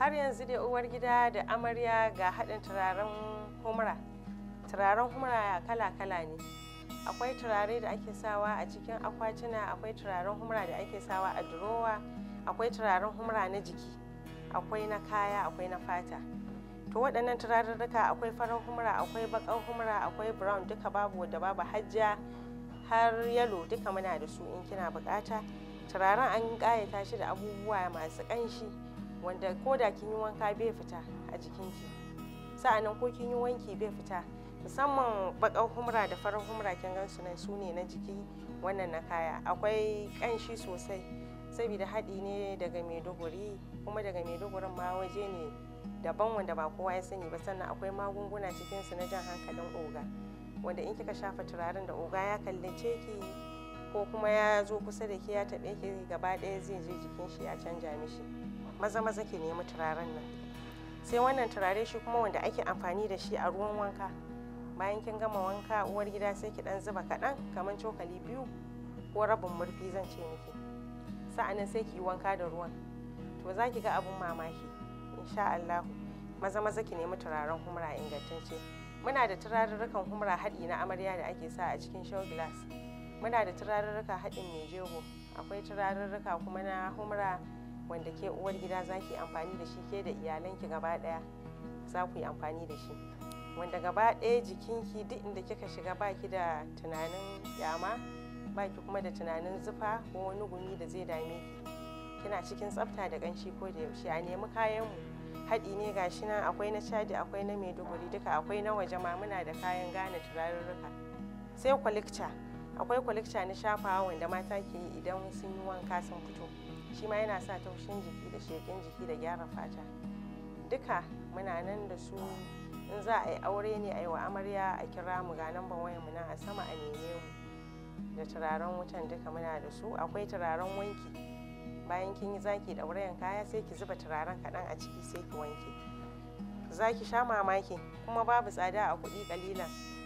har yanzu dai uwar gida da amarya ga haɗin turaren humra turaren humra kala-kala ne akwai turare da ake sawa a cikin akwatuna akwai turaren humra da ake sawa a durowa akwai turaren humra na jiki akwai na kaya akwai na fata to waɗannan turarurruka akwai farar humra akwai baƙar humra akwai brown duka babu da babu hajja har yalo duka muna da su in kina buƙata turaren an ƙayata shi da abubuwa masu ƙanshi wanda ko da kin yi wanka bai fita a jikinki sa'annan ko kin yi wanki bai fita musamman bakar humra da farar humra kin gan su nan su ne na jiki wannan na kaya akwai kanshi sosai saboda haɗi ne daga maiduguri kuma daga maidugurin ma waje ne daban wanda ba kowa ya sani ba sannan akwai magunguna cikin su na jan hankalin oga wanda in kika shafa turaren da oga ya kallace ki ko kuma ya zo kusa da ke ya taɓe ki gaba ɗaya zai je jikin shi ya canja mishi maza maza ke nemi turaren nan sai wannan turare shi kuma wanda ake amfani da shi a ruwan wanka bayan kin gama wanka uwar gida sai ki dan zuba kaɗan kamar cokali biyu ko rabin murfi zan ce miki nan sai ki yi wanka da ruwan to za ki ga abun mamaki insha Allah maza maza ki nemi turaren humra ingantacce muna da turarurrukan humra haɗi na amarya da ake sa a cikin show glass muna da turarurruka haɗin mai jego akwai turarurruka kuma na humra wanda ke uwar gida za ki amfani da shi ke da iyalanki gaba ɗaya za ku yi amfani da shi wanda gaba ɗaya jikinki duk inda kika shiga baki da tunanin yama baki kuma da tunanin zufa ko wani gumi da zai dame ki kina cikin tsafta da ƙanshi ko da yaushe a nemi kayan mu haɗi ne gashi nan akwai na chadi akwai na maiduguri duka akwai na waje ma muna da kayan gane turarurruka sai kwalikta akwai kwalikta na shafawa wanda mata ke yi idan sun yi wanka sun fito shi ma yana sa taushin jiki da sheƙin jiki da gyara fata duka muna nan da su in za a yi aure ne a yi wa amarya a kira mu ga namban wayan mu na a sama a neme mu da turaren wutan duka muna da su akwai turaren wanki bayan kin yi zaki ɗaurayen kaya sai ki zuba turaren kaɗan a ciki sai ki wanke za ki sha mamaki kuma babu tsada a kuɗi ƙalilan